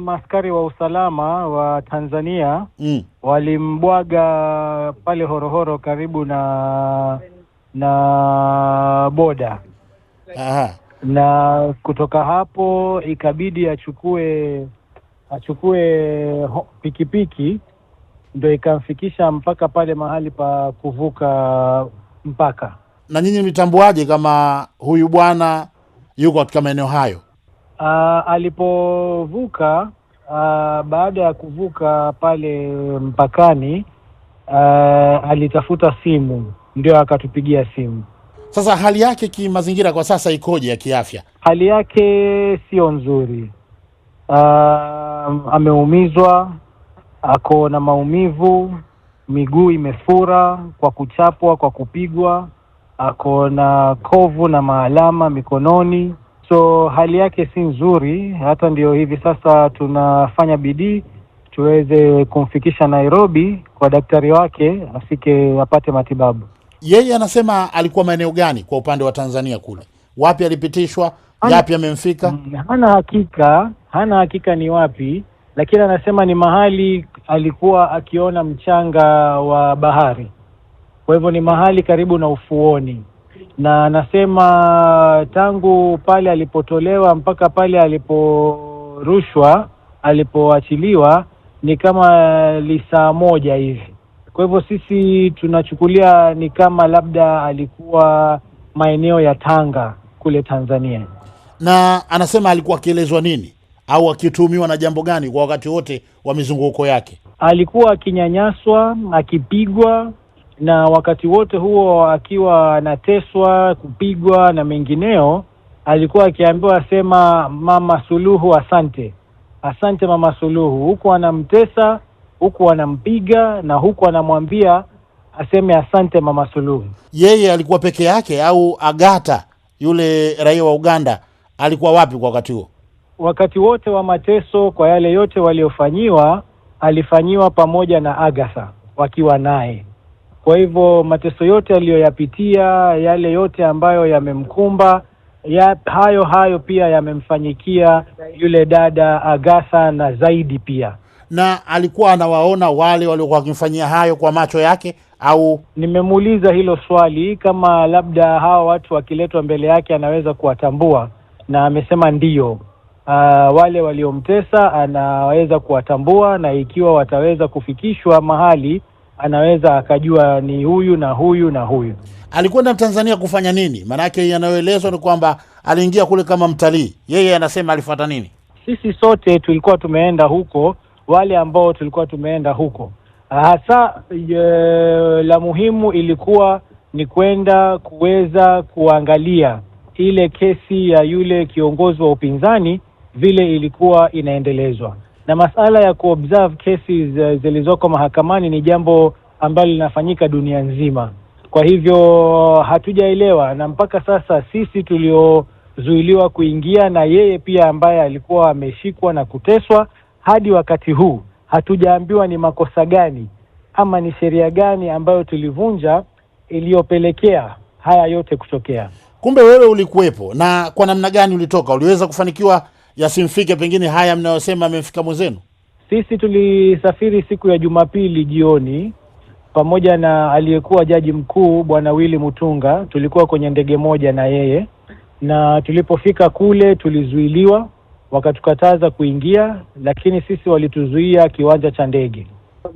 maaskari wa usalama wa Tanzania mm. walimbwaga pale Horohoro karibu na na boda Aha. na kutoka hapo ikabidi achukue achukue pikipiki ndo ikamfikisha mpaka pale mahali pa kuvuka mpaka. Na nyinyi mlitambuaje kama huyu bwana yuko katika maeneo hayo? uh, alipovuka uh, baada ya kuvuka pale mpakani uh, alitafuta simu, ndio akatupigia simu. Sasa hali yake kimazingira kwa sasa ikoje ya kiafya? Hali yake sio nzuri. Uh, ameumizwa, ako na maumivu, miguu imefura kwa kuchapwa, kwa kupigwa, ako na kovu na maalama mikononi so hali yake si nzuri, hata ndio hivi sasa tunafanya bidii tuweze kumfikisha Nairobi kwa daktari wake afike apate matibabu. Yeye anasema alikuwa maeneo gani kwa upande wa Tanzania kule, wapi alipitishwa, yapi amemfika? Mm, hana hakika, hana hakika ni wapi, lakini anasema ni mahali alikuwa akiona mchanga wa bahari, kwa hivyo ni mahali karibu na ufuoni na anasema tangu pale alipotolewa mpaka pale aliporushwa alipoachiliwa ni kama lisaa moja hivi. Kwa hivyo sisi tunachukulia ni kama labda alikuwa maeneo ya Tanga kule Tanzania. Na anasema alikuwa akielezwa nini au akitumiwa na jambo gani kwa wakati wote wa mizunguko yake? Alikuwa akinyanyaswa, akipigwa na wakati wote huo akiwa anateswa, kupigwa na mengineo, alikuwa akiambiwa asema Mama Suluhu asante, asante Mama Suluhu. Huku anamtesa huku anampiga na huku anamwambia aseme asante Mama Suluhu. Yeye alikuwa peke yake au Agata yule raia wa Uganda alikuwa wapi kwa wakati huo? Wakati wote wa mateso, kwa yale yote waliofanyiwa, alifanyiwa pamoja na Agatha wakiwa naye. Kwa hivyo mateso yote aliyoyapitia, yale yote ambayo yamemkumba ya, hayo hayo pia yamemfanyikia yule dada Agatha na zaidi pia na alikuwa anawaona wale waliokuwa wakimfanyia hayo kwa macho yake, au nimemuuliza hilo swali kama labda hawa watu wakiletwa mbele yake anaweza kuwatambua, na amesema ndiyo. Uh, ah, wale waliomtesa anaweza kuwatambua, na ikiwa wataweza kufikishwa mahali anaweza akajua ni huyu na huyu na huyu. Alikwenda Tanzania kufanya nini? Maanake yanayoelezwa ni kwamba aliingia kule kama mtalii. Yeye anasema alifuata nini? Sisi sote tulikuwa tumeenda huko, wale ambao tulikuwa tumeenda huko hasa ye, la muhimu ilikuwa ni kwenda kuweza kuangalia ile kesi ya yule kiongozi wa upinzani vile ilikuwa inaendelezwa na masala ya kuobserve cases eh, zilizoko mahakamani ni jambo ambalo linafanyika dunia nzima. Kwa hivyo hatujaelewa, na mpaka sasa sisi tuliozuiliwa kuingia na yeye pia ambaye alikuwa ameshikwa na kuteswa, hadi wakati huu hatujaambiwa ni makosa gani ama ni sheria gani ambayo tulivunja iliyopelekea haya yote kutokea. Kumbe wewe ulikuwepo, na kwa namna gani ulitoka? Uliweza kufanikiwa yasimfike pengine haya mnayosema amemfika mwenzenu? Sisi tulisafiri siku ya Jumapili jioni pamoja na aliyekuwa jaji mkuu bwana willi Mutunga, tulikuwa kwenye ndege moja na yeye, na tulipofika kule tulizuiliwa, wakatukataza kuingia, lakini sisi walituzuia kiwanja cha ndege.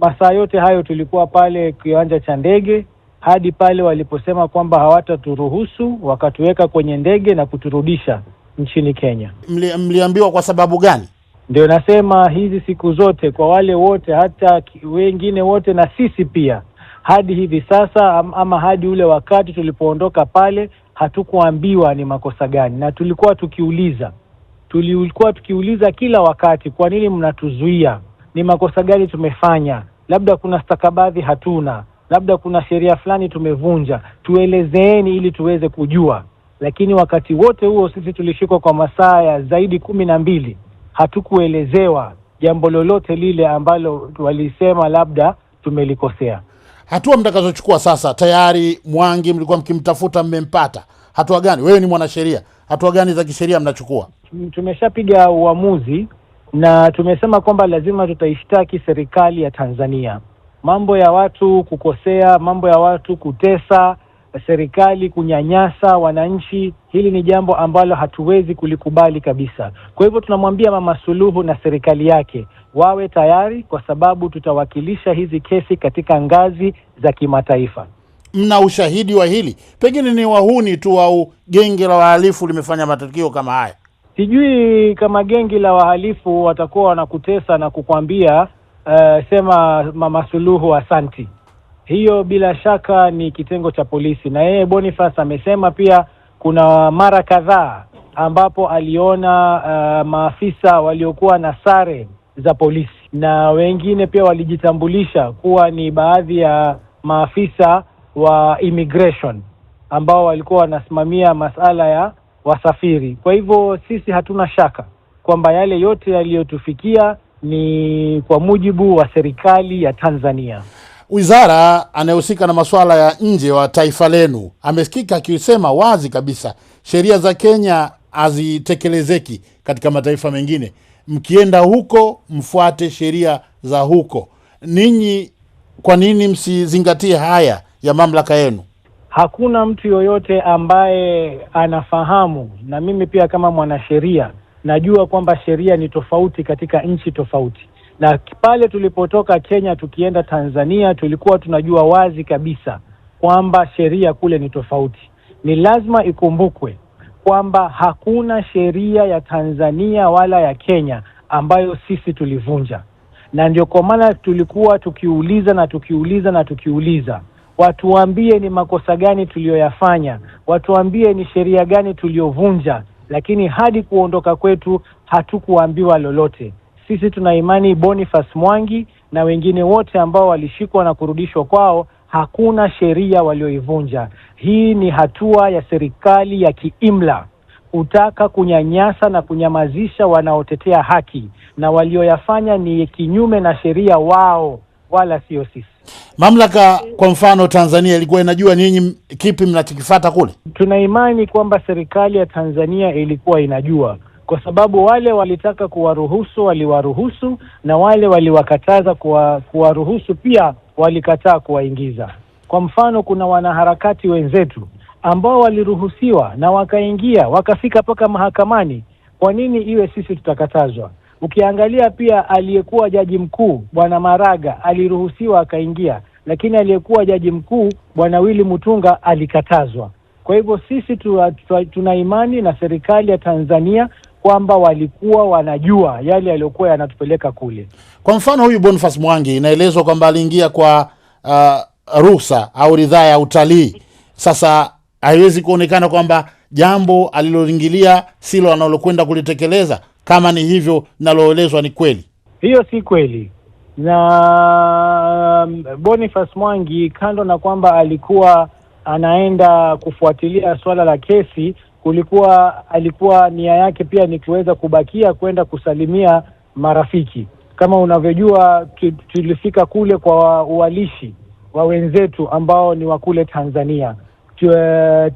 Masaa yote hayo tulikuwa pale kiwanja cha ndege hadi pale waliposema kwamba hawataturuhusu, wakatuweka kwenye ndege na kuturudisha nchini Kenya. Mli, mliambiwa kwa sababu gani? Ndio nasema hizi siku zote kwa wale wote hata wengine wote na sisi pia hadi hivi sasa ama hadi ule wakati tulipoondoka pale hatukuambiwa ni makosa gani, na tulikuwa tukiuliza, tulikuwa tukiuliza kila wakati, kwa nini mnatuzuia? Ni makosa gani tumefanya? Labda kuna stakabadhi hatuna, labda kuna sheria fulani tumevunja, tuelezeeni ili tuweze kujua lakini wakati wote huo sisi tulishikwa kwa masaa ya zaidi kumi na mbili, hatukuelezewa jambo lolote lile ambalo walisema labda tumelikosea. Hatua mtakazochukua sasa, tayari Mwangi mlikuwa mkimtafuta, mmempata. Hatua gani? Wewe ni mwanasheria, hatua gani za kisheria mnachukua? Mm, tumeshapiga uamuzi na tumesema kwamba lazima tutaishtaki serikali ya Tanzania. Mambo ya watu kukosea, mambo ya watu kutesa serikali kunyanyasa wananchi, hili ni jambo ambalo hatuwezi kulikubali kabisa. Kwa hivyo tunamwambia Mama Suluhu na serikali yake wawe tayari, kwa sababu tutawakilisha hizi kesi katika ngazi za kimataifa. Mna ushahidi wa hili? Pengine ni wahuni tu au genge la wahalifu limefanya matukio kama haya? Sijui kama gengi la wahalifu watakuwa wanakutesa na kukwambia uh, sema Mama Suluhu asanti hiyo bila shaka ni kitengo cha polisi, na yeye Boniface amesema pia kuna mara kadhaa ambapo aliona uh, maafisa waliokuwa na sare za polisi na wengine pia walijitambulisha kuwa ni baadhi ya maafisa wa immigration ambao walikuwa wanasimamia masala ya wasafiri. Kwa hivyo sisi hatuna shaka kwamba yale yote yaliyotufikia ni kwa mujibu wa serikali ya Tanzania. Wizara anayehusika na masuala ya nje wa taifa lenu amesikika akisema wazi kabisa sheria za Kenya hazitekelezeki katika mataifa mengine. Mkienda huko mfuate sheria za huko. Ninyi kwa nini msizingatie haya ya mamlaka yenu? Hakuna mtu yoyote ambaye anafahamu, na mimi pia kama mwanasheria najua kwamba sheria ni tofauti katika nchi tofauti na pale tulipotoka Kenya tukienda Tanzania, tulikuwa tunajua wazi kabisa kwamba sheria kule ni tofauti. Ni lazima ikumbukwe kwamba hakuna sheria ya Tanzania wala ya Kenya ambayo sisi tulivunja, na ndio kwa maana tulikuwa tukiuliza na tukiuliza na tukiuliza, watuambie ni makosa gani tuliyoyafanya, watuambie ni sheria gani tuliyovunja, lakini hadi kuondoka kwetu hatukuambiwa lolote. Sisi tuna imani Boniface Mwangi na wengine wote ambao walishikwa na kurudishwa kwao, hakuna sheria walioivunja. Hii ni hatua ya serikali ya kiimla kutaka kunyanyasa na kunyamazisha wanaotetea haki, na walioyafanya ni kinyume na sheria wao, wala sio sisi. Mamlaka kwa mfano Tanzania ilikuwa inajua nyinyi kipi mnachokifuata kule? Tuna imani kwamba serikali ya Tanzania ilikuwa inajua kwa sababu wale walitaka kuwaruhusu waliwaruhusu, na wale waliwakataza kuwa, kuwaruhusu pia walikataa kuwaingiza. Kwa mfano, kuna wanaharakati wenzetu ambao waliruhusiwa na wakaingia wakafika mpaka mahakamani. Kwa nini iwe sisi tutakatazwa? Ukiangalia pia aliyekuwa jaji mkuu bwana Maraga aliruhusiwa akaingia, lakini aliyekuwa jaji mkuu bwana Willy Mutunga alikatazwa. Kwa hivyo sisi tuna imani na serikali ya Tanzania kwamba walikuwa wanajua yale yaliyokuwa yanatupeleka kule. Kwa mfano huyu bonifas Mwangi inaelezwa kwamba aliingia kwa uh, ruhusa au ridhaa ya utalii. Sasa haiwezi kuonekana kwamba jambo aliloingilia silo analokwenda kulitekeleza. Kama ni hivyo linaloelezwa ni kweli, hiyo si kweli. Na um, Boniface Mwangi, kando na kwamba alikuwa anaenda kufuatilia swala la kesi kulikuwa alikuwa nia yake pia ni kuweza kubakia kwenda kusalimia marafiki. Kama unavyojua, tulifika kule kwa uwalishi wa wenzetu ambao ni wa kule Tanzania,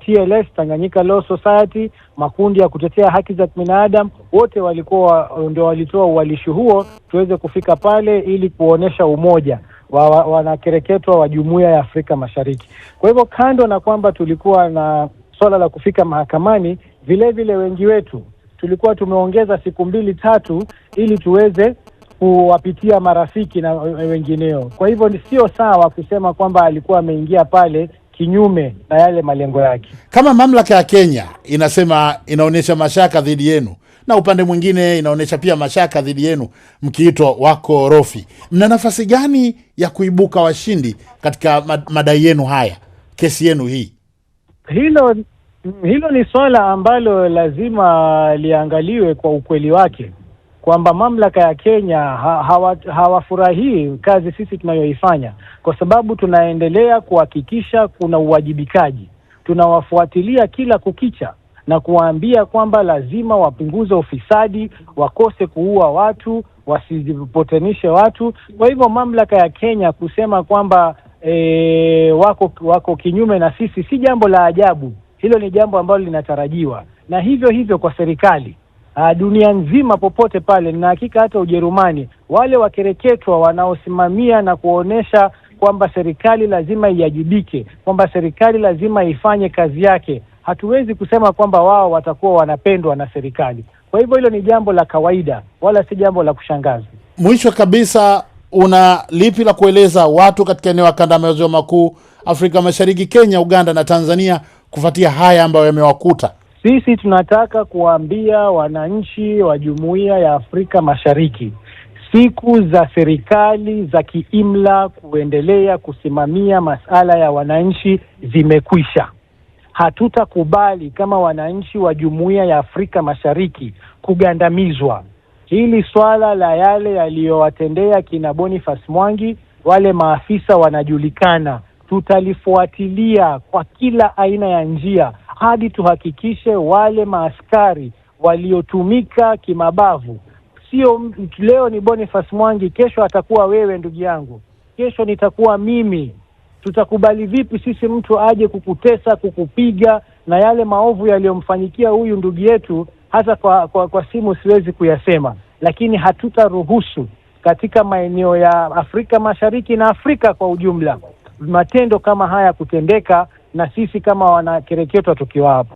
TLS, eh, Tanganyika Law Society, makundi ya kutetea haki za binadamu, wote walikuwa ndio walitoa uwalishi huo tuweze kufika pale ili kuonesha umoja wanakereketwa wa, wa, wa jumuiya ya Afrika Mashariki. Kwa hivyo kando na kwamba tulikuwa na swala la kufika mahakamani. Vilevile vile wengi wetu tulikuwa tumeongeza siku mbili tatu ili tuweze kuwapitia marafiki na wengineo. Kwa hivyo sio sawa kusema kwamba alikuwa ameingia pale kinyume na yale malengo yake. Kama mamlaka ya Kenya inasema inaonyesha mashaka dhidi yenu, na upande mwingine inaonyesha pia mashaka dhidi yenu, mkiitwa wakorofi, mna nafasi gani ya kuibuka washindi katika madai yenu haya, kesi yenu hii? Hilo Mm, hilo ni swala ambalo lazima liangaliwe kwa ukweli wake kwamba mamlaka ya Kenya hawafurahii hawa kazi sisi tunayoifanya, kwa sababu tunaendelea kuhakikisha kuna uwajibikaji. Tunawafuatilia kila kukicha na kuwaambia kwamba lazima wapunguze ufisadi, wakose kuua watu, wasipotanishe watu. Kwa hivyo mamlaka ya Kenya kusema kwamba e, wako wako kinyume na sisi si jambo la ajabu. Hilo ni jambo ambalo linatarajiwa, na hivyo hivyo kwa serikali uh, dunia nzima popote pale, na hakika hata Ujerumani wale wakereketwa wanaosimamia na kuonesha kwamba serikali lazima iajibike, kwamba serikali lazima ifanye kazi yake, hatuwezi kusema kwamba wao watakuwa wanapendwa na serikali. Kwa hivyo hilo ni jambo la kawaida, wala si jambo la kushangaza. Mwisho kabisa, una lipi la kueleza watu katika eneo ya kanda ya maziwa makuu, Afrika Mashariki, Kenya, Uganda na Tanzania kufuatia haya ambayo yamewakuta? Sisi tunataka kuwaambia wananchi wa Jumuiya ya Afrika Mashariki siku za serikali za kiimla kuendelea kusimamia masala ya wananchi zimekwisha. Hatutakubali kama wananchi wa Jumuiya ya Afrika Mashariki kugandamizwa. Hili swala la yale yaliyowatendea kina Boniface Mwangi, wale maafisa wanajulikana tutalifuatilia kwa kila aina ya njia hadi tuhakikishe wale maaskari waliotumika kimabavu. Sio leo ni bonifas Mwangi, kesho atakuwa wewe ndugu yangu, kesho nitakuwa mimi. Tutakubali vipi sisi mtu aje kukutesa, kukupiga na yale maovu yaliyomfanyikia huyu ndugu yetu? Hasa kwa, kwa, kwa simu siwezi kuyasema, lakini hatutaruhusu katika maeneo ya Afrika Mashariki na Afrika kwa ujumla matendo kama haya kutendeka, na sisi kama wanakereketwa tukiwa hapo.